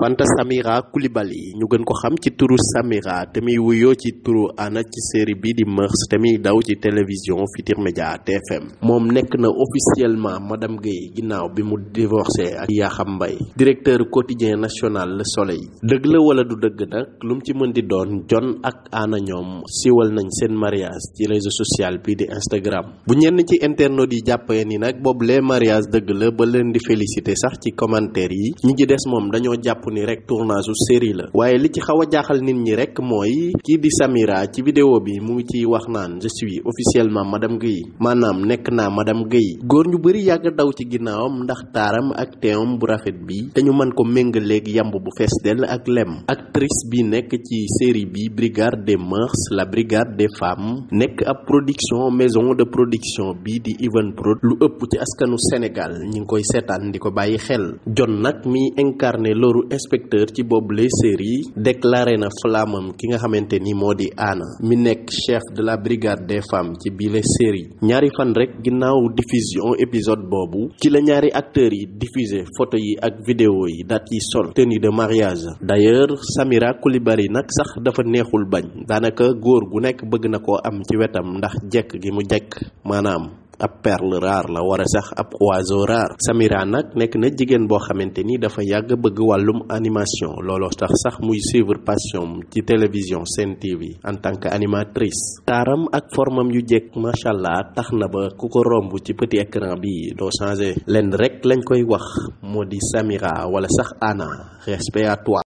Fanta Samira Coulibaly ñu gën ko xam ci turu Samira te muy wuyoo ci turu ana ci série bi di Mœurs te muy daw ci télévision Futurs Médias TFM moom nekk na officiellement madame Guèye ginnaaw bi mu divorcé ak Yakham mbay directeur quotidien national Le Soleil dëgg la wala du dëgg nag lu mu ci mën di doon John ak ana ñoom siwal nañ seen mariage ci réseau sociale bi di Instagram bu ñenn ci internet yi jàppee ni nag boobu les mariage dëgg la ba leen di félicité sax ci commentaire yi ni rek tournage su série la waaye li ci xaw a jaaxal nit ñi rek mooy kii di Samira ci vidéo bi mu ngi ciy wax naan je suis officiellement madame Guèye maanaam nekk naa madame Guèye góor ñu bëri yàgg daw ci ginnaawam ndax taaram ak teewam bu rafet bi dañu man mën ko méngaleeg yamb bu fees dell ak lem actrice bi nekk ci série bi brigade de mœurs la brigade des femmes nekk ab production maison de production bi di Even Prod lu ëpp ci askanu Sénégal ñi ngi koy seetaan di ko inspecteur ci boobu boobule série déclaré na flamam ki nga xamante ni moo di Anna mi nekk chef de la brigade des femmes ci bile série ñaari fan rek ginnaaw diffusion épisode boobu ci la ñaari acteur yi diffusé photo yi ak vidéo yi dat yi sol tenue de mariage d'ailleurs Samira Coulibaly nag sax dafa neexul bañ daanaka góor gu nekk bëgg na koo am ci wetam ndax jekk gi mu jekk maanaam ab perle rare la wara sax ab oiseau rare Samira nag nekk na jigéen boo xamante ni dafa yàgg bëgg wàllum animation looloo tax sax muy suivre passion ci télévision Sen TV en tant que animatrice taaram ak formam yu jekk macha allah tax na ba ku ko romb ci petit écran bi doo changé lenn rek lañ koy wax moo di Samira wala sax Anna respect